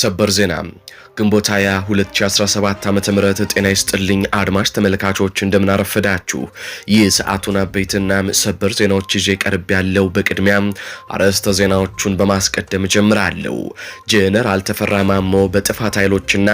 ሰበር ዜና ግንቦት 20 2017 ዓ.ም ጤና ይስጥልኝ አድማሽ ተመልካቾች እንደምናረፈዳችሁ። ይህ ሰዓቱን አበይትና ሰበር ዜናዎች ይዤ ቀርብ ያለው። በቅድሚያም አርዕስተ ዜናዎቹን በማስቀደም ጀምራለሁ። ጄኔራል ተፈራ ማሞ በጥፋት ኃይሎችና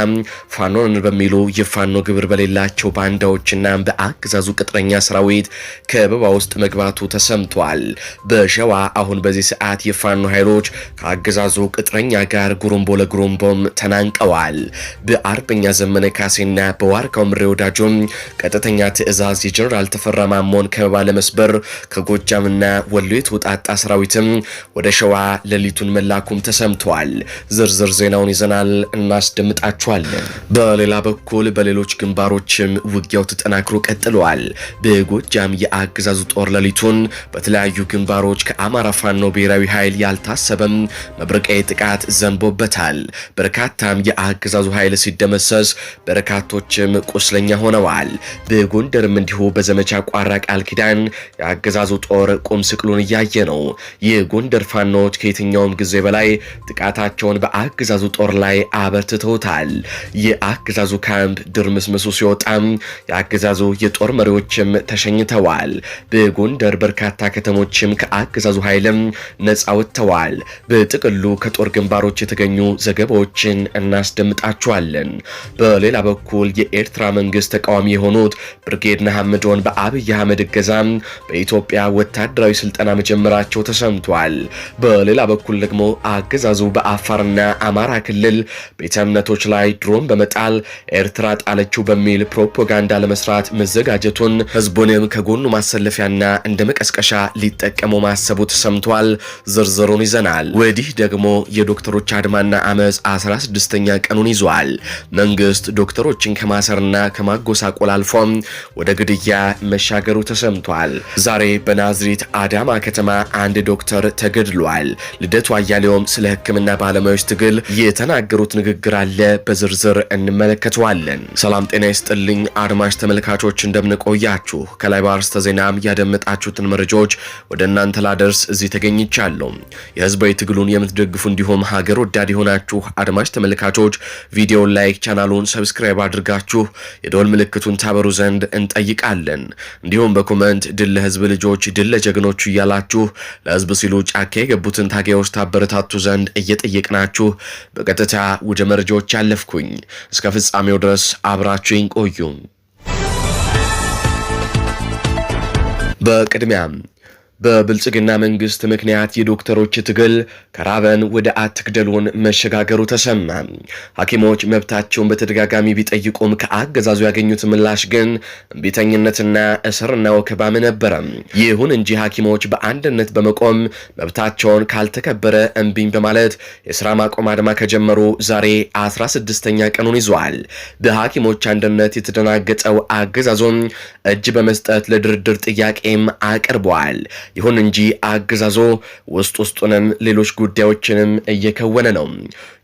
ፋኖን በሚሉ የፋኖ ግብር በሌላቸው ባንዳዎችና በአገዛዙ ቅጥረኛ ሰራዊት ከበባ ውስጥ መግባቱ ተሰምቷል። በሸዋ አሁን በዚህ ሰዓት የፋኖ ኃይሎች ከአገዛዙ ቅጥረኛ ጋር ጉሩምቦ ለጉሩምቦም ተናንቀዋል። ተደርጓል። በአርበኛ ዘመነ ካሴና በዋርካው ምሬ ወዳጆም ቀጥተኛ ትዕዛዝ የጀኔራል ተፈራ ማሞን ከበባ ለመስበር ከጎጃምና ወሎ የተውጣጣ ሰራዊትም ወደ ሸዋ ሌሊቱን መላኩም ተሰምተዋል። ዝርዝር ዜናውን ይዘናል፣ እናስደምጣችኋለን። በሌላ በኩል በሌሎች ግንባሮችም ውጊያው ተጠናክሮ ቀጥለዋል። በጎጃም የአገዛዙ ጦር ሌሊቱን በተለያዩ ግንባሮች ከአማራ ፋኖ ብሔራዊ ኃይል ያልታሰበም መብረቃዊ ጥቃት ዘንቦበታል። በርካታም የአ የአገዛዙ ኃይል ሲደመሰስ በርካቶችም ቁስለኛ ሆነዋል። በጎንደርም እንዲሁ በዘመቻ ቋራ ቃል ኪዳን የአገዛዙ ጦር ቁም ስቅሉን እያየ ነው። የጎንደር ፋኖዎች ከየትኛውም ጊዜ በላይ ጥቃታቸውን በአገዛዙ ጦር ላይ አበርትተውታል። የአገዛዙ ካምፕ ድርምስምሱ ሲወጣም የአገዛዙ የጦር መሪዎችም ተሸኝተዋል። በጎንደር በርካታ ከተሞችም ከአገዛዙ ኃይልም ነፃ ወጥተዋል። በጥቅሉ ከጦር ግንባሮች የተገኙ ዘገባዎችን እናስደም እናስደምጣችኋለን። በሌላ በኩል የኤርትራ መንግስት ተቃዋሚ የሆኑት ብርጌድ ነሐምዶን በአብይ አህመድ እገዛ በኢትዮጵያ ወታደራዊ ስልጠና መጀመራቸው ተሰምቷል። በሌላ በኩል ደግሞ አገዛዙ በአፋርና አማራ ክልል ቤተ እምነቶች ላይ ድሮን በመጣል ኤርትራ ጣለችው በሚል ፕሮፓጋንዳ ለመስራት መዘጋጀቱን ህዝቡንም ከጎኑ ማሰለፊያና እንደ መቀስቀሻ ሊጠቀሙ ማሰቡ ተሰምቷል። ዝርዝሩን ይዘናል። ወዲህ ደግሞ የዶክተሮች አድማና አመፅ 16ኛ ቀኑ መሆኑን ይዟል። መንግስት ዶክተሮችን ከማሰርና ከማጎሳቆል አልፎም ወደ ግድያ መሻገሩ ተሰምቷል። ዛሬ በናዝሬት አዳማ ከተማ አንድ ዶክተር ተገድሏል። ልደቱ አያሌውም ስለ ሕክምና ባለሙያዎች ትግል የተናገሩት ንግግር አለ። በዝርዝር እንመለከተዋለን። ሰላም ጤና ይስጥልኝ አድማጭ ተመልካቾች፣ እንደምንቆያችሁ ከላይ በአርዕስተ ዜናም ያደመጣችሁትን መረጃዎች ወደ እናንተ ላደርስ እዚህ ተገኝቻለሁ። የህዝባዊ ትግሉን የምትደግፉ እንዲሁም ሀገር ወዳድ የሆናችሁ አድማጭ ተመልካቾች ቪዲዮን ላይክ፣ ቻናሉን ሰብስክራይብ አድርጋችሁ የዶል ምልክቱን ታበሩ ዘንድ እንጠይቃለን። እንዲሁም በኮመንት ድል ለህዝብ ልጆች፣ ድል ለጀግኖቹ እያላችሁ ለህዝብ ሲሉ ጫካ የገቡትን ታጋዮች ታበረታቱ ዘንድ እየጠየቅናችሁ በቀጥታ ወደ መረጃዎች ያለፍኩኝ፣ እስከ ፍጻሜው ድረስ አብራችሁኝ ቆዩ። በቅድሚያም በብልጽግና መንግስት ምክንያት የዶክተሮች ትግል ከራበን ወደ አትግደሉን መሸጋገሩ ተሰማ። ሐኪሞች መብታቸውን በተደጋጋሚ ቢጠይቁም ከአገዛዙ ያገኙት ምላሽ ግን እምቢተኝነትና እስርና ወከባም ነበረ። ይሁን እንጂ ሐኪሞች በአንድነት በመቆም መብታቸውን ካልተከበረ እምቢኝ በማለት የስራ ማቆም አድማ ከጀመሩ ዛሬ 16ኛ ቀኑን ይዟል። በሐኪሞች አንድነት የተደናገጠው አገዛዞም እጅ በመስጠት ለድርድር ጥያቄም አቅርበዋል። ይሁን እንጂ አገዛዞ ውስጥ ውስጡንም ሌሎች ጉዳዮችንም እየከወነ ነው።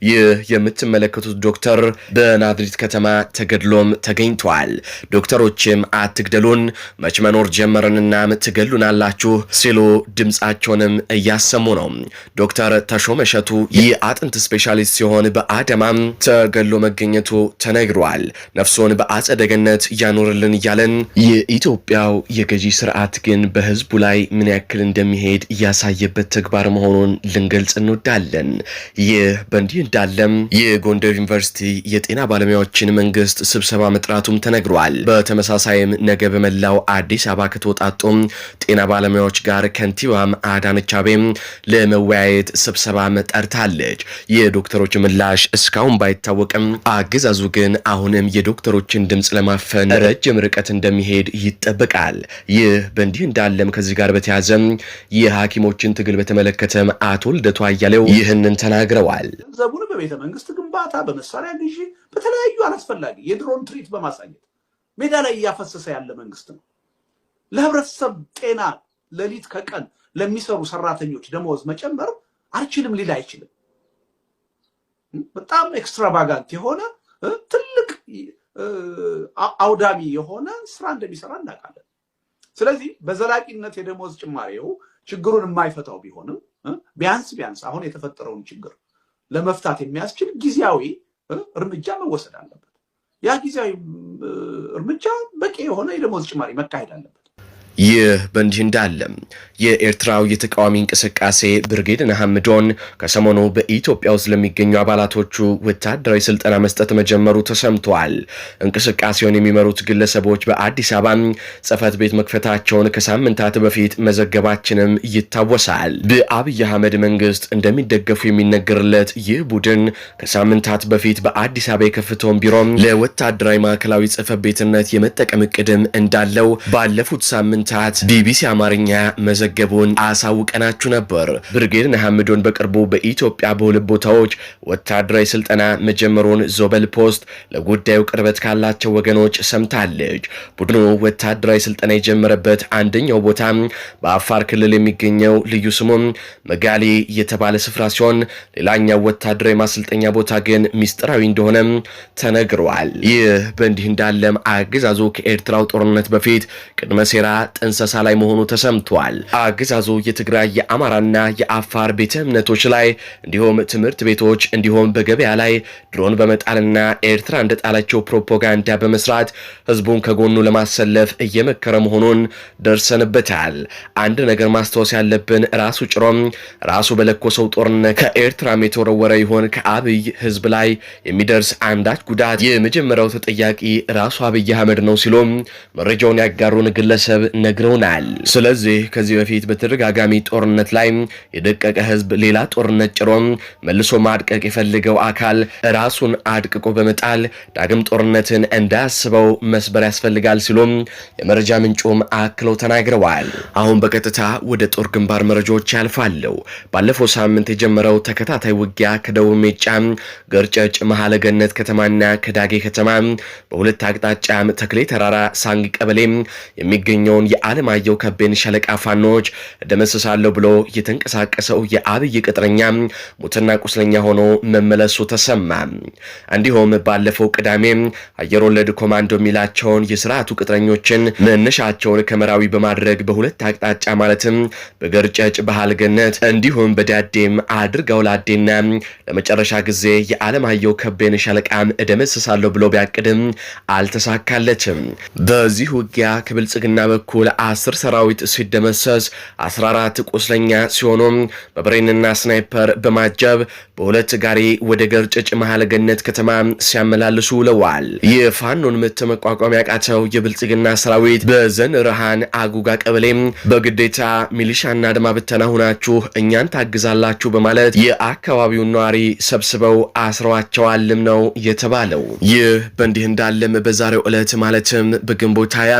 ይህ የምትመለከቱት ዶክተር በናድሪት ከተማ ተገድሎም ተገኝተዋል። ዶክተሮችም አትግደሉን መች መኖር ጀመርንናም ትገሉናላችሁ ሲሉ ድምፃቸውንም እያሰሙ ነው። ዶክተር ተሾመሸቱ የአጥንት ስፔሻሊስት ሲሆን በአዳማም ተገድሎ መገኘቱ ተነግሯል። ነፍሱን በአጸደ ገነት እያኖርልን እያለን የኢትዮጵያው የገዢ ስርዓት ግን በህዝቡ ላይ ምን ያክል እንደሚሄድ እያሳየበት ተግባር መሆኑን ልንገልጽ እንወዳለን። ይህ በእንዲህ እንዳለም የጎንደር ዩኒቨርሲቲ የጤና ባለሙያዎችን መንግስት ስብሰባ መጥራቱም ተነግሯል። በተመሳሳይም ነገ በመላው አዲስ አበባ ከተወጣጡም ጤና ባለሙያዎች ጋር ከንቲባም አዳነች አቤቤም ለመወያየት ስብሰባ መጠርታለች። የዶክተሮች ምላሽ እስካሁን ባይታወቅም አገዛዙ ግን አሁንም የዶክተሮችን ድምፅ ለማፈን ረጅም ርቀት እንደሚሄድ እንደሚሄድ ይጠበቃል። ይህ በእንዲህ እንዳለም ከዚህ ጋር በተያዘም የሐኪሞችን ትግል በተመለከተም አቶ ልደቱ አያሌው ይህንን ተናግረዋል። ገንዘቡን በቤተ መንግስት ግንባታ፣ በመሳሪያ ግዢ፣ በተለያዩ አላስፈላጊ የድሮን ትርኢት በማሳየት ሜዳ ላይ እያፈሰሰ ያለ መንግስት ነው። ለህብረተሰብ ጤና ሌሊት ከቀን ለሚሰሩ ሰራተኞች ደመወዝ መጨመር አልችልም ሊል አይችልም። በጣም ኤክስትራቫጋንት የሆነ ትልቅ አውዳሚ የሆነ ስራ እንደሚሰራ እናውቃለን። ስለዚህ በዘላቂነት የደሞዝ ጭማሪው ችግሩን የማይፈታው ቢሆንም ቢያንስ ቢያንስ አሁን የተፈጠረውን ችግር ለመፍታት የሚያስችል ጊዜያዊ እርምጃ መወሰድ አለበት። ያ ጊዜያዊ እርምጃ በቂ የሆነ የደሞዝ ጭማሪ መካሄድ አለበት። ይህ በእንዲህ እንዳለ የኤርትራው የተቃዋሚ እንቅስቃሴ ብርጌድ ሐምዶን ከሰሞኑ በኢትዮጵያ ውስጥ ለሚገኙ አባላቶቹ ወታደራዊ ስልጠና መስጠት መጀመሩ ተሰምቷል። እንቅስቃሴውን የሚመሩት ግለሰቦች በአዲስ አበባ ጽህፈት ቤት መክፈታቸውን ከሳምንታት በፊት መዘገባችንም ይታወሳል። በአብይ አህመድ መንግስት እንደሚደገፉ የሚነገርለት ይህ ቡድን ከሳምንታት በፊት በአዲስ አበባ የከፍተውን ቢሮም ለወታደራዊ ማዕከላዊ ጽህፈት ቤትነት የመጠቀም እቅድም እንዳለው ባለፉት ሳምንት ሳምንታት ቢቢሲ አማርኛ መዘገቡን አሳውቀናችሁ ነበር። ብርጌድ ነሐምዶን በቅርቡ በኢትዮጵያ በሁለት ቦታዎች ወታደራዊ ስልጠና መጀመሩን ዞበል ፖስት ለጉዳዩ ቅርበት ካላቸው ወገኖች ሰምታለች። ቡድኑ ወታደራዊ ስልጠና የጀመረበት አንደኛው ቦታ በአፋር ክልል የሚገኘው ልዩ ስሙም መጋሌ የተባለ ስፍራ ሲሆን ሌላኛው ወታደራዊ ማሰልጠኛ ቦታ ግን ሚስጥራዊ እንደሆነም ተነግሯል። ይህ በእንዲህ እንዳለም አገዛዙ ከኤርትራው ጦርነት በፊት ቅድመ ሴራ ጥንሰሳ ላይ መሆኑ ተሰምቷል። አገዛዙ የትግራይ የአማራና የአፋር ቤተ እምነቶች ላይ እንዲሁም ትምህርት ቤቶች እንዲሁም በገበያ ላይ ድሮን በመጣልና ኤርትራ እንደጣላቸው ፕሮፓጋንዳ በመስራት ህዝቡን ከጎኑ ለማሰለፍ እየመከረ መሆኑን ደርሰንበታል። አንድ ነገር ማስታወስ ያለብን ራሱ ጭሮም ራሱ በለኮሰው ጦርነት ከኤርትራም የተወረወረ ይሆን ከአብይ ህዝብ ላይ የሚደርስ አንዳች ጉዳት የመጀመሪያው ተጠያቂ ራሱ አብይ አህመድ ነው ሲሉም መረጃውን ያጋሩን ግለሰብ ይነግረውናል። ስለዚህ ከዚህ በፊት በተደጋጋሚ ጦርነት ላይ የደቀቀ ህዝብ ሌላ ጦርነት ጭሮ መልሶ ማድቀቅ የፈልገው አካል ራሱን አድቅቆ በመጣል ዳግም ጦርነትን እንዳያስበው መስበር ያስፈልጋል ሲሉም የመረጃ ምንጩም አክለው ተናግረዋል። አሁን በቀጥታ ወደ ጦር ግንባር መረጃዎች ያልፋለው። ባለፈው ሳምንት የጀመረው ተከታታይ ውጊያ ከደቡብ ሜጫ፣ ገርጨጭ፣ መሐለ ከተማና ከዳጌ ከተማ በሁለት አቅጣጫ ተክሌ ተራራ ሳንግ ቀበሌ የሚገኘውን የአለማየሁ ከቤን ሸለቃ ፋኖች ደመስሳለሁ ብሎ የተንቀሳቀሰው የአብይ ቅጥረኛ ሙትና ቁስለኛ ሆኖ መመለሱ ተሰማ። እንዲሁም ባለፈው ቅዳሜ አየር ወለድ ኮማንዶ የሚላቸውን የስርዓቱ ቅጥረኞችን መነሻቸውን ከመራዊ በማድረግ በሁለት አቅጣጫ ማለትም በገርጨጭ ባህል እንዲሁም በዳዴም አድርገው ላዴና ለመጨረሻ ጊዜ የአለማየሁ ከቤን ሸለቃ እደመስሳለሁ ብሎ ቢያቅድም አልተሳካለችም። በዚህ ውጊያ ከብልጽግና በኩል በኩል አስር ሰራዊት ሲደመሰስ 14 ቁስለኛ ሲሆኑም በብሬንና ስናይፐር በማጀብ በሁለት ጋሪ ወደ ገርጭጭ መሀል ገነት ከተማ ሲያመላልሱ ውለዋል። የፋኖን ምት መቋቋም ያቃተው የብልጽግና ሰራዊት በዘን ረሃን አጉጋ ቀበሌም በግዴታ ሚሊሻና አድማ ብተና ሁናችሁ እኛን ታግዛላችሁ በማለት የአካባቢውን ነዋሪ ሰብስበው አስረዋቸዋልም ነው የተባለው። ይህ በእንዲህ እንዳለም በዛሬው ዕለት ማለትም በግንቦት ሃያ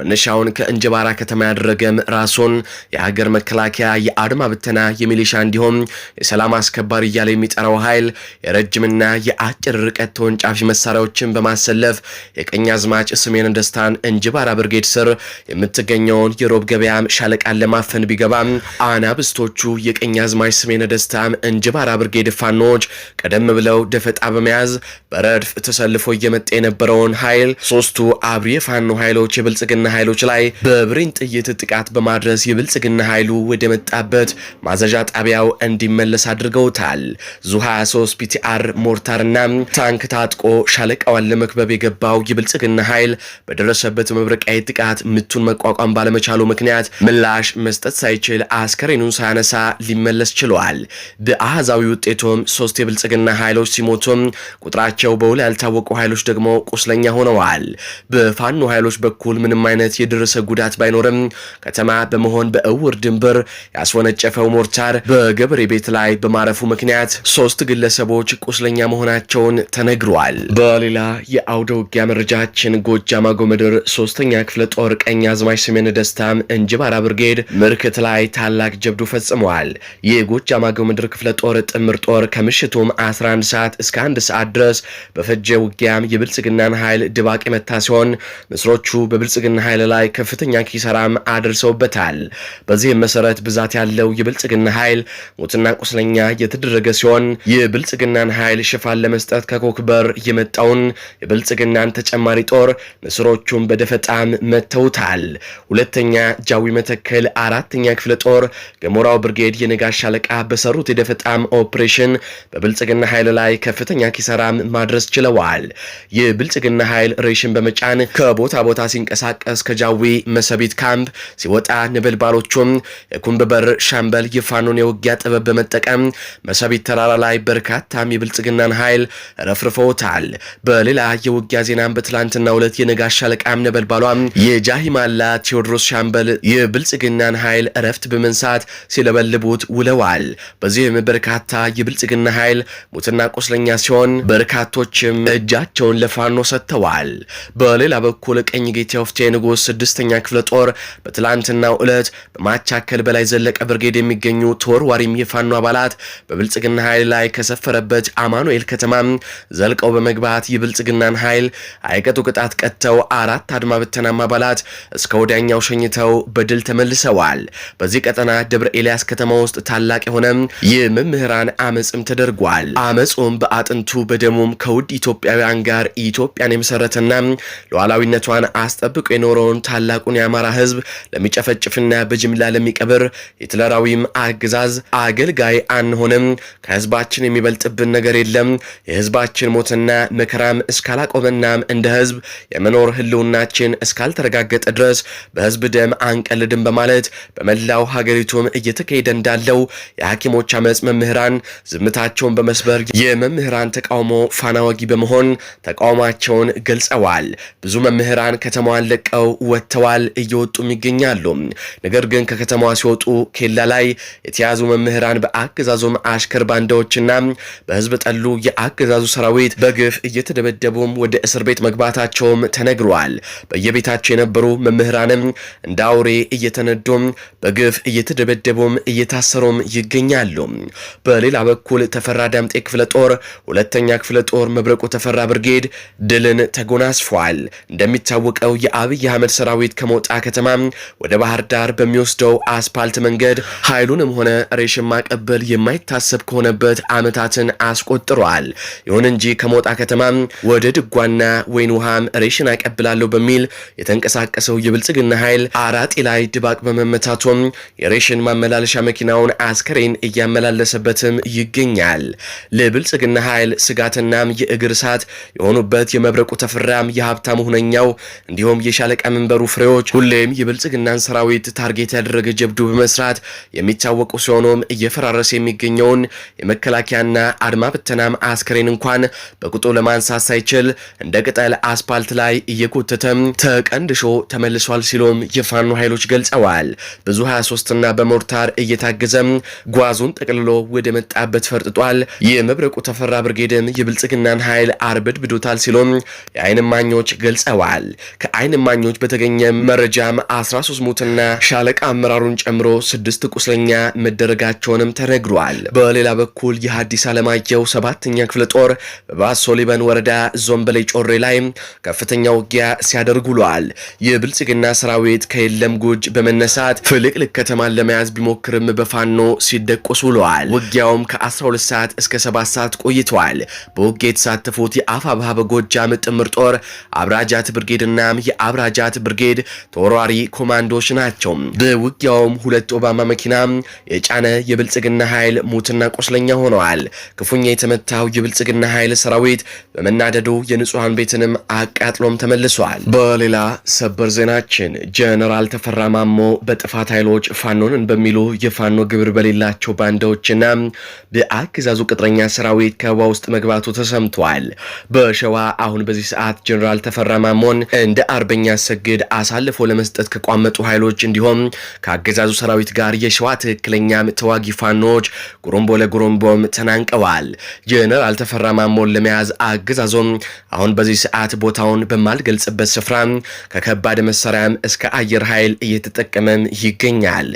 መነሻውን ከ እንጀባራ ከተማ ያደረገ ራሱን የሀገር መከላከያ የአድማ ብተና የሚሊሻ እንዲሁም የሰላም አስከባሪ እያለ የሚጠራው ኃይል የረጅምና የአጭር ርቀት ተወንጫፊ መሳሪያዎችን በማሰለፍ የቀኝ አዝማች ስሜን ደስታን እንጅባራ ብርጌድ ስር የምትገኘውን የሮብ ገበያ ሻለቃን ለማፈን ቢገባም አናብስቶቹ የቀኝ አዝማች ስሜን ደስታም እንጅባራ ብርጌድ ፋኖች ቀደም ብለው ደፈጣ በመያዝ በረድፍ ተሰልፎ እየመጣ የነበረውን ኃይል ሶስቱ አብሪ የፋኖ ኃይሎች የብልጽግና ኃይሎች ላይ በብሬን ጥይት ጥቃት በማድረስ የብልጽግና ኃይሉ ወደ መጣበት ማዘዣ ጣቢያው እንዲመለስ አድርገውታል። ዙ 23 ፒቲአር ሞርታርና ታንክ ታጥቆ ሻለቃዋን ለመክበብ የገባው የብልጽግና ኃይል በደረሰበት መብረቃዊ ጥቃት ምቱን መቋቋም ባለመቻሉ ምክንያት ምላሽ መስጠት ሳይችል አስከሬኑን ሳያነሳ ሊመለስ ችሏል። በአሃዛዊ ውጤቱም ሶስት የብልጽግና ኃይሎች ሲሞቱም ቁጥራቸው በውል ያልታወቁ ኃይሎች ደግሞ ቁስለኛ ሆነዋል። በፋኖ ኃይሎች በኩል ምንም አይነት የደረሰ ጉዳት ባይኖርም ከተማ በመሆን በእውር ድንበር ያስወነጨፈው ሞርታር በገበሬ ቤት ላይ በማረፉ ምክንያት ሶስት ግለሰቦች ቁስለኛ መሆናቸውን ተነግሯል። በሌላ የአውደ ውጊያ መረጃችን ጎጃም አጎምድር ሶስተኛ ክፍለ ጦር ቀኝ አዝማች ስሜን ደስታ እንጅባራ ብርጌድ ምርክት ላይ ታላቅ ጀብዱ ፈጽመዋል። የጎጃም አጎምድር ክፍለ ጦር ጥምር ጦር ከምሽቱም 11 ሰዓት እስከ አንድ ሰዓት ድረስ በፈጀ ውጊያም የብልጽግናን ኃይል ድባቅ የመታ ሲሆን ምስሮቹ በብልጽግና ኃይል ላይ ከፍ ከፍተኛ ኪሳራም አድርሰውበታል። በዚህም መሰረት ብዛት ያለው የብልጽግና ኃይል ሞትና ቁስለኛ የተደረገ ሲሆን የብልጽግናን ኃይል ሽፋን ለመስጠት ከኮክበር የመጣውን የብልጽግናን ተጨማሪ ጦር ንስሮቹን በደፈጣም መተውታል። ሁለተኛ ጃዊ መተከል አራተኛ ክፍለ ጦር ገሞራው ብርጌድ የነጋሽ ሻለቃ በሰሩት የደፈጣም ኦፕሬሽን በብልጽግና ኃይል ላይ ከፍተኛ ኪሳራም ማድረስ ችለዋል። የብልጽግና ኃይል ሬሽን በመጫን ከቦታ ቦታ ሲንቀሳቀስ ከጃዊ መሰቢት ካምፕ ሲወጣ ነበልባሎቹም የኩምብበር ሻምበል የፋኖን የውጊያ ጥበብ በመጠቀም መሰቢት ተራራ ላይ በርካታም የብልጽግናን ኃይል ረፍርፈውታል። በሌላ የውጊያ ዜናም በትላንትና ሁለት የነጋሽ ሻለቃም ነበልባሏም የጃሂማላ ቴዎድሮስ ሻምበል የብልጽግናን ኃይል እረፍት በመንሳት ሲለበልቡት ውለዋል። በዚህም በርካታ የብልጽግና ኃይል ሙትና ቁስለኛ ሲሆን በርካቶችም እጃቸውን ለፋኖ ሰጥተዋል። በሌላ በኩል ቀኝ ጌታ ወፍቴ ንጉሥ ስድስተኛ ክፍለ ጦር በትላንትናው ዕለት በማቻከል በላይ ዘለቀ ብርጌድ የሚገኙ ተወርዋሪም የፋኖ አባላት በብልጽግና ኃይል ላይ ከሰፈረበት አማኑኤል ከተማ ዘልቀው በመግባት የብልጽግናን ኃይል አይቀጡ ቅጣት ቀጥተው አራት አድማ ብተናም አባላት እስከ ወዲያኛው ሸኝተው በድል ተመልሰዋል። በዚህ ቀጠና ደብረ ኤልያስ ከተማ ውስጥ ታላቅ የሆነ የመምህራን አመፅም ተደርጓል። አመፁም በአጥንቱ በደሙም ከውድ ኢትዮጵያውያን ጋር ኢትዮጵያን የመሰረተና ሉዓላዊነቷን አስጠብቆ የኖረውን ታላቁ ታላቁን የአማራ ህዝብ ለሚጨፈጭፍና በጅምላ ለሚቀብር ሂትለራዊም አገዛዝ አገልጋይ አንሆንም። ከህዝባችን የሚበልጥብን ነገር የለም። የህዝባችን ሞትና መከራም እስካላቆመናም እንደ ህዝብ የመኖር ህልውናችን እስካልተረጋገጠ ድረስ በህዝብ ደም አንቀልድም በማለት በመላው ሀገሪቱም እየተካሄደ እንዳለው የሐኪሞች አመፅ መምህራን ዝምታቸውን በመስበር የመምህራን ተቃውሞ ፋናወጊ በመሆን ተቃውሟቸውን ገልጸዋል። ብዙ መምህራን ከተማዋን ለቀው ወጥተዋል። በመባል እየወጡም ይገኛሉ። ነገር ግን ከከተማዋ ሲወጡ ኬላ ላይ የተያዙ መምህራን በአገዛዙም አሽከር ባንዳዎችና በህዝብ ጠሉ የአገዛዙ ሰራዊት በግፍ እየተደበደቡም ወደ እስር ቤት መግባታቸውም ተነግሯል። በየቤታቸው የነበሩ መምህራንም እንደ አውሬ እየተነዱም በግፍ እየተደበደቡም እየታሰሩም ይገኛሉ። በሌላ በኩል ተፈራ ዳምጤ ክፍለ ጦር ሁለተኛ ክፍለ ጦር መብረቁ ተፈራ ብርጌድ ድልን ተጎናስፏል። እንደሚታወቀው የአብይ አህመድ ሰራዊት ከሞጣ ከተማ ወደ ባህር ዳር በሚወስደው አስፓልት መንገድ ኃይሉንም ሆነ ሬሽን ማቀበል የማይታሰብ ከሆነበት ዓመታትን አስቆጥሯል። ይሁን እንጂ ከሞጣ ከተማ ወደ ድጓና ወይን ውሃም ሬሽን አቀብላለሁ በሚል የተንቀሳቀሰው የብልጽግና ኃይል አራጢ ላይ ድባቅ በመመታቱም የሬሽን ማመላለሻ መኪናውን አስከሬን እያመላለሰበትም ይገኛል። ለብልጽግና ኃይል ስጋትናም የእግር እሳት የሆኑበት የመብረቁ ተፈራም የሀብታሙ ሁነኛው እንዲሁም የሻለቃ መንበሩ ፍሬው ኃይሎች ሁሌም የብልጽግናን ሰራዊት ታርጌት ያደረገ ጀብዱ በመስራት የሚታወቁ ሲሆኑም እየፈራረሰ የሚገኘውን የመከላከያና አድማ ብተናም አስከሬን እንኳን በቁጡ ለማንሳት ሳይችል እንደ ቅጠል አስፓልት ላይ እየጎተተም ተቀንድሾ ተመልሷል ሲሉም የፋኖ ኃይሎች ገልጸዋል። ብዙ 23ና በሞርታር እየታገዘም ጓዙን ጠቅልሎ ወደ መጣበት ፈርጥጧል። የመብረቁ ተፈራ ብርጌድም የብልጽግናን ኃይል አርበድ ብዶታል ሲሉም የአይን ማኞች ገልጸዋል። ከአይን ማኞች በተገኘም መረጃም 13 ሙትና ሻለቃ አመራሩን ጨምሮ ስድስት ቁስለኛ መደረጋቸውንም ተነግሯል። በሌላ በኩል የሀዲስ ዓለማየሁ ሰባተኛ ክፍለ ጦር በባሶ ሊበን ወረዳ ዞንበሌ ጮሬ ላይ ከፍተኛ ውጊያ ሲያደርግ ውሏል። የብልጽግና ሰራዊት ከየለም ጉጅ በመነሳት ፍልቅልቅ ከተማን ለመያዝ ቢሞክርም በፋኖ ሲደቆስ ውለዋል። ውጊያውም ከ12 ሰዓት እስከ 7 ሰዓት ቆይተዋል። በውጊያ የተሳተፉት የአፋ ባህ ምጥምር ጥምር ጦር አብራጃት ብርጌድና የአብራጃት ብርጌድ ተወራሪ ኮማንዶዎች ናቸው። በውጊያውም ሁለት ኦባማ መኪና የጫነ የብልጽግና ኃይል ሙትና ቆስለኛ ሆነዋል። ክፉኛ የተመታው የብልጽግና ኃይል ሰራዊት በመናደዱ የንጹሐን ቤትንም አቃጥሎም ተመልሷል። በሌላ ሰበር ዜናችን ጀነራል ተፈራ ማሞ በጥፋት ኃይሎች ፋኖንን በሚሉ የፋኖ ግብር በሌላቸው ባንዳዎችና በአገዛዙ ቅጥረኛ ሰራዊት ከበባ ውስጥ መግባቱ ተሰምቷል። በሸዋ አሁን በዚህ ሰዓት ጀነራል ተፈራ ማሞን እንደ አርበኛ ሰግድ አሳ አሳልፎ ለመስጠት ከቋመጡ ኃይሎች እንዲሁም ከአገዛዙ ሰራዊት ጋር የሸዋ ትክክለኛ ተዋጊ ፋኖች ጉሮምቦ ለጉሮምቦም ተናንቀዋል። ጀነራል ተፈራ ማሞን ለመያዝ አገዛዞም አሁን በዚህ ሰዓት ቦታውን በማልገልጽበት ስፍራ ከከባድ መሳሪያም እስከ አየር ኃይል እየተጠቀመም ይገኛል።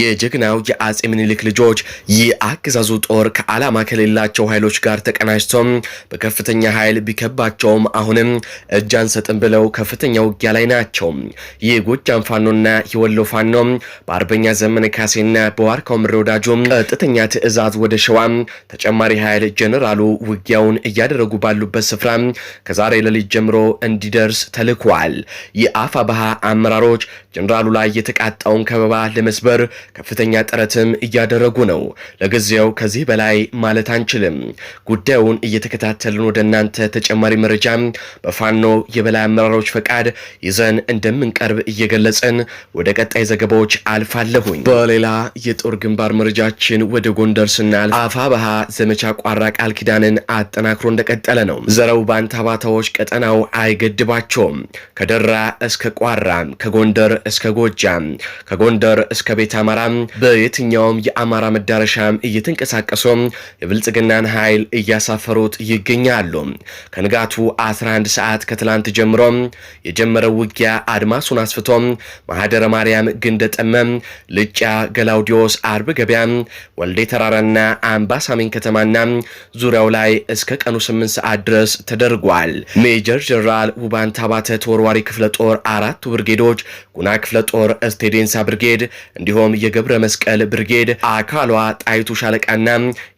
የጀግናው የአጼ ምኒልክ ልጆች የአገዛዙ ጦር ከዓላማ ከሌላቸው ኃይሎች ጋር ተቀናጅቶም በከፍተኛ ኃይል ቢከባቸውም አሁንም እጅ አንሰጥም ብለው ከፍተኛ ውጊያ ላይ ናቸው። የጎጃም ፋኖና የወሎ ፋኖ በአርበኛ ዘመነ ካሴና በዋርካው ምሬ ወዳጆ ቀጥተኛ ትዕዛዝ ወደ ሸዋ ተጨማሪ ኃይል ጀነራሉ ውጊያውን እያደረጉ ባሉበት ስፍራ ከዛሬ ሌሊት ጀምሮ እንዲደርስ ተልኳል። የአፋ ባሃ አመራሮች ጀነራሉ ላይ የተቃጣውን ከበባ ለመስበር ከፍተኛ ጥረትም እያደረጉ ነው። ለጊዜው ከዚህ በላይ ማለት አንችልም። ጉዳዩን እየተከታተልን ወደ እናንተ ተጨማሪ መረጃ በፋኖ የበላይ አመራሮች ፈቃድ ይዘን እንደምንቀ እንደምንቀርብ እየገለጸን ወደ ቀጣይ ዘገባዎች አልፋለሁኝ። በሌላ የጦር ግንባር መረጃችን ወደ ጎንደር አፋ ባሃ ዘመቻ ቋራ ቃል ኪዳንን አጠናክሮ እንደቀጠለ ነው። ዘረው ባንታባታዎች ቀጠናው አይገድባቸውም። ከደራ እስከ ቋራ፣ ከጎንደር እስከ ጎጃም፣ ከጎንደር እስከ ቤት አማራም በየትኛውም የአማራ መዳረሻም እየተንቀሳቀሱ የብልጽግናን ኃይል እያሳፈሩት ይገኛሉ። ከንጋቱ 11 ሰዓት ከትላንት ጀምሮ የጀመረው ውጊያ አድማ ራሱን አስፍቶ ማህደረ ማርያም ግንደ ጠመም፣ ልጫ፣ ገላውዲዮስ፣ አርብ ገበያ፣ ወልዴ ተራራና አምባሳሜን ከተማና ዙሪያው ላይ እስከ ቀኑ 8 ሰዓት ድረስ ተደርጓል። ሜጀር ጀነራል ውባንታ ባተ ተወርዋሪ ክፍለ ጦር አራቱ ብርጌዶች ጉና ክፍለ ጦር፣ እስቴዴንሳ ብርጌድ እንዲሁም የገብረ መስቀል ብርጌድ አካሏ ጣይቱ ሻለቃና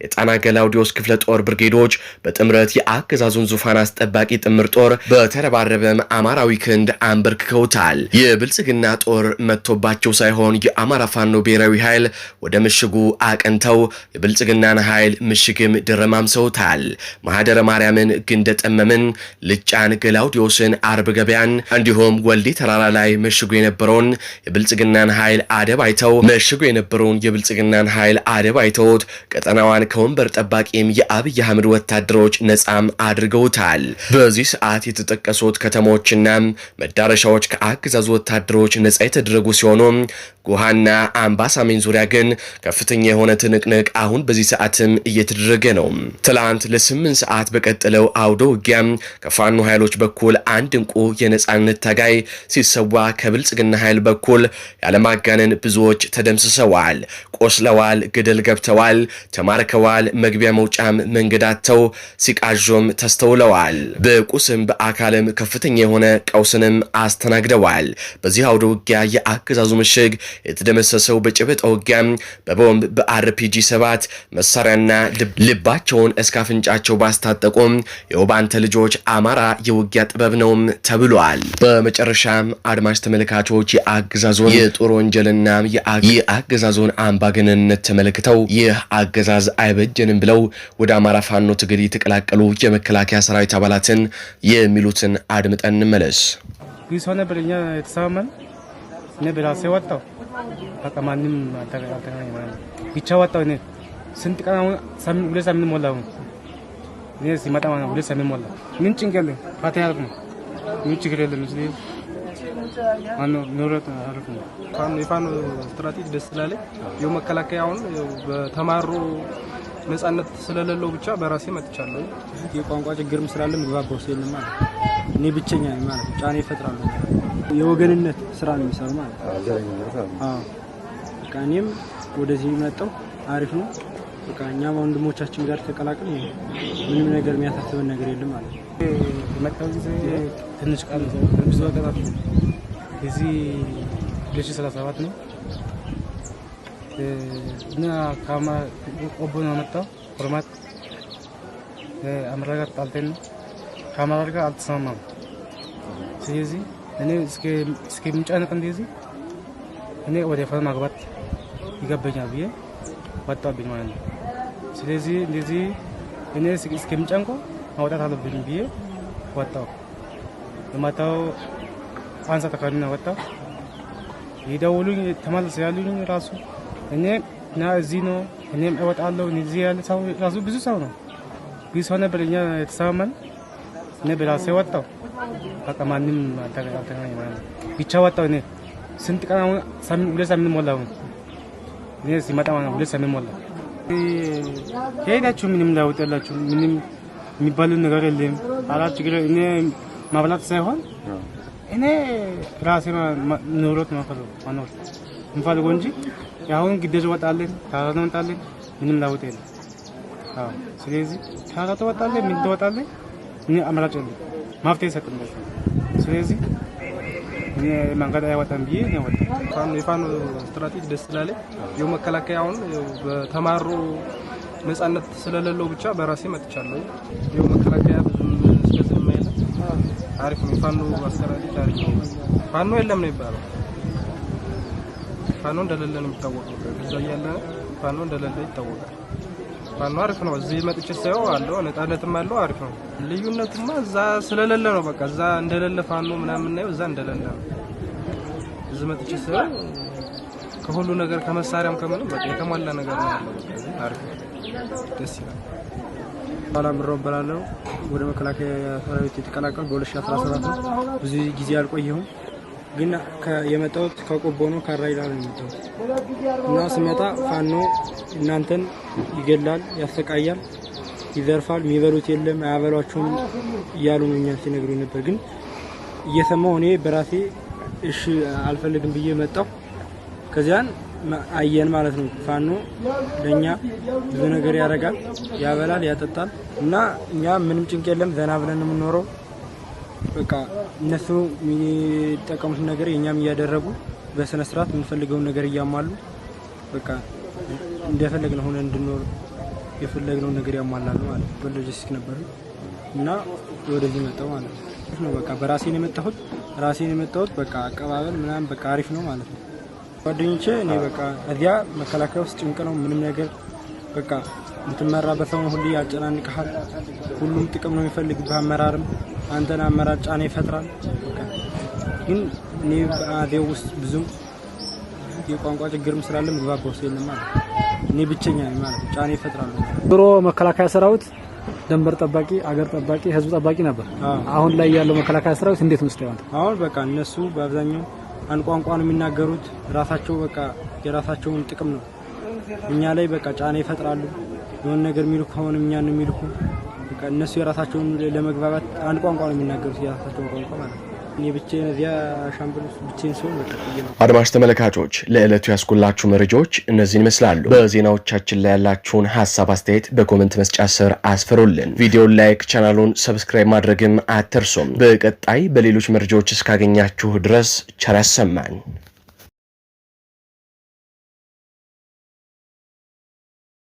የጣና ገላውዲዮስ ክፍለ ጦር ብርጌዶች በጥምረት የአገዛዙን ዙፋን አስጠባቂ ጥምር ጦር በተረባረበም አማራዊ ክንድ አንበርክከውታል። ተናግረዋል። የብልጽግና ጦር መጥቶባቸው ሳይሆን የአማራ ፋኖ ብሔራዊ ኃይል ወደ ምሽጉ አቅንተው የብልጽግናን ኃይል ምሽግም ደረማምሰውታል። ማህደረ ማርያምን፣ ግንደጠመምን ልጫን፣ ገላውዲዮስን፣ አርብ ገበያን እንዲሁም ወልዴ ተራራ ላይ ምሽጉ የነበረውን የብልጽግናን ኃይል አደብ አይተው ምሽጉ የነበረውን የብልጽግናን ኃይል አደብ አይተውት ቀጠናዋን ከወንበር ጠባቂም የአብይ አህመድ ወታደሮች ነጻም አድርገውታል። በዚህ ሰዓት የተጠቀሱት ከተሞችና መዳረሻዎች ከአ የአገዛዙ ወታደሮች ነጻ የተደረጉ ሲሆኑ ጉሃና አምባ ዙሪያ ግን ከፍተኛ የሆነ ትንቅንቅ አሁን በዚህ ሰዓትም እየተደረገ ነው። ትላንት ለስምንት ሰዓት በቀጠለው አውደ ውጊያም ከፋኖ ኃይሎች በኩል አንድ እንቁ የነጻነት ታጋይ ሲሰዋ ከብልጽግና ኃይል በኩል ያለማጋነን ብዙዎች ተደምስሰዋል፣ ቆስለዋል፣ ገደል ገብተዋል፣ ተማርከዋል፣ መግቢያ መውጫም መንገዳተው ሲቃዦም ተስተውለዋል። በቁስም በአካልም ከፍተኛ የሆነ ቀውስንም አስተናግደዋል። በዚህ አውደ ውጊያ የአገዛዙ ምሽግ የተደመሰሰው በጭብጥ ውጊያ በቦምብ በአርፒጂ ሰባት መሳሪያና ልባቸውን እስከ አፍንጫቸው ባስታጠቁም የውባንተ ልጆች አማራ የውጊያ ጥበብ ነው ተብሏል። በመጨረሻም አድማጭ ተመልካቾች የአገዛዞን የጦር ወንጀልና የአገዛዞን አምባገነንነት ተመልክተው ይህ አገዛዝ አይበጀንም ብለው ወደ አማራ ፋኖ ትግል የተቀላቀሉ የመከላከያ ሰራዊት አባላትን የሚሉትን አድምጠን እንመለስ። ጊሶ ነበር እኛ የተሰማመን እኔ ወጣው በቃ ማንም አልተገናኝ ማለት ነው። ብቻ ወጣሁ እኔ ስንት ቀን አሁን ሁለት ሳምንት ሞላ። እኔ ሲመጣ ማለት ሁለት ሳምንት ምን የለም ነው። ምን ችግር የለም ስለ የፋኖ ስትራቴጂ ደስ ስላለኝ ይኸው መከላከያ አሁን በተማሮ ነጻነት ስለሌለው ብቻ በራሴ መጥቻለሁ። የቋንቋ ችግርም ስላለ ምግባባው የለም እኔ ብቸኛ ማለት ጫና ይፈጥራሉ። የወገንነት ስራ ነው የሚሰሩ ማለት ነው። እኔም ወደዚህ የሚመጣው አሪፍ ነው። በቃ እኛም ወንድሞቻችን ጋር ተቀላቅል ምንም ነገር የሚያሳስበን ነገር የለም ማለት ነው። ትንሽ ቃል ብዙ አቀጣት እዚህ ልጅ ሰላሳ ነው እና ካማ ቆቦ ነው መጣው ፎርማት አመራጋት ጣልተን ነው ከአመራር ጋር አልተስማማም። ስለዚህ እኔ እስከምጨነቅ እንደዚህ እኔ ወደ ፈር ማግባት ይገባኛል ብዬ ወጣብኝ ማለት ነው። ስለዚህ እንደዚህ እኔ እስከምጨንቆ ማውጣት አለብኝ ብዬ ወጣሁ። የማታው አንሳ ተካልና ወጣሁ። ይደውሉኝ ተመልስ ያሉኝ ራሱ እኔ እና እዚህ ነው እኔም እወጣለሁ። እዚህ ያለ ሰው ራሱ ብዙ ሰው ነው ብዙ ሰው ነበር እኛ የተሰማማን እኔ በራሴ ወጣው። በቃ ማንም አልተገናኝ ብቻ ወጣው። እኔ ስንት ቀን አሁን ሁለት ሳምንት ሞላ። አሁን እኔ ሲመጣ ሁለት ሳምንት ሞላ። ሄዳችሁ ምንም ለውጥ የላችሁ። ምንም የሚባሉ ነገር የለም። አራት ችግር እኔ ማብላት ሳይሆን እኔ ራሴ ኑሮት መፈለው ማኖር እንፈልጎ እንጂ አሁን ግዴታ ወጣለን ታራ ወጣለን ምንም ለውጥ የለም። ስለዚህ ታራ ወጣለን ምን ትወጣለን እኔ አማራጭ የለም፣ መፍትሄ ይሰጥበት። ስለዚህ እኔ መንገድ አይወጣም ብዬ ነው ወጣ የፋኖ ስትራቴጂ ደስ ስላለ የው መከላከያ አሁን በተማሮ ነጻነት ስለሌለው ብቻ በራሴ መጥቻለሁ። ይኸው መከላከያ ብዙም ስለዚህ የማይለ አሪፍ ነው። ፋኖ አሰራሪ ታሪክ ነው። ፋኖ የለም ነው ይባላል። ፋኖ እንደሌለ ነው የሚታወቀው። እዛ እያለ ፋኖ እንደሌለ ይታወቃል። ፋኖ አሪፍ ነው። እዚህ መጥቼ ሳየው አለው ነጻነትም አለው አሪፍ ነው። ልዩነቱማ እዛ ስለሌለ ነው። በቃ እዛ እንደሌለ ፋኖ ምናምን ነው እዛ እንደሌለ ነው። እዚህ መጥቼ ሳየው ከሁሉ ነገር ከመሳሪያም ከምንም በቃ የተሟላ ነገር ነው ያለው። አሪፍ ነው። ደስ ይላል። ባላምረው እባላለሁ። ወደ መከላከያ ሰራዊት የተቀላቀል በ2017 ነው። ብዙ ጊዜ አልቆየሁም ግን የመጣሁት ከቆቦ ነው። ካራይላ ነው የመጣሁት እና ስመጣ ፋኖ እናንተን ይገላል፣ ያሰቃያል፣ ይዘርፋል፣ የሚበሉት የለም አያበሏቸውም እያሉ ነው እኛን ሲነግሩ ነበር። ግን እየሰማሁ እኔ በራሴ እሺ አልፈልግም ብዬ መጣሁ። ከዚያን አየን ማለት ነው። ፋኖ ለእኛ ብዙ ነገር ያደርጋል፣ ያበላል፣ ያጠጣል እና እኛ ምንም ጭንቅ የለም ዘና ብለን የምንኖረው በቃ እነሱ የሚጠቀሙትን ነገር የእኛም እያደረጉ በስነስርዓት የምንፈልገውን ነገር እያሟሉ በቃ እንደፈለግነው ሆነ እንድኖር የፈለግነው ነገር ያሟላል ማለት ነው። በሎጂስቲክ ነበር እና ወደዚህ መጣው ማለት ነው። በቃ በራሴን የመጣሁት። ራሴን የመጣሁት። በቃ አቀባበል ምናምን በቃ አሪፍ ነው ማለት ነው። ጓደኞቼ እኔ በቃ እዚያ መከላከያ ውስጥ ጭንቅ ነው ምንም ነገር በቃ የምትመራበት ሰውን ሁሉ ያጨናንቅሃል። ሁሉም ጥቅም ነው የሚፈልግብህ። አመራርም አንተን አመራር ጫና ይፈጥራል። ግን እኔ በአዜው ውስጥ ብዙም የቋንቋ ችግርም ስላለ ምግባባ ውስጥ የለም ማለት ነው። እኔ ብቸኛ ነኝ ማለት ነው። ጫና ይፈጥራሉ። ድሮ መከላከያ ሰራዊት ደንበር ጠባቂ፣ አገር ጠባቂ፣ ህዝብ ጠባቂ ነበር። አሁን ላይ ያለው መከላከያ ሰራዊት እንዴት ነው ስታዩት? አሁን በቃ እነሱ በአብዛኛው አንድ ቋንቋ ነው የሚናገሩት። ራሳቸው በቃ የራሳቸውን ጥቅም ነው እኛ ላይ በቃ ጫና ይፈጥራሉ። የሆነ ነገር የሚልኩ ከሆነ እኛን የሚልኩ እነሱ የራሳቸውን ለመግባባት አንድ ቋንቋ ነው የሚናገሩት የራሳቸውን ቋንቋ ማለት ነው። አድማሽ ተመልካቾች ለዕለቱ ያስኩላችሁ መረጃዎች እነዚህን ይመስላሉ። በዜናዎቻችን ላይ ያላችሁን ሀሳብ አስተያየት በኮመንት መስጫ ስር አስፈሩልን። ቪዲዮን ላይክ፣ ቻናሉን ሰብስክራይብ ማድረግም አትርሱም። በቀጣይ በሌሎች መረጃዎች እስካገኛችሁ ድረስ ቸር ያሰማን።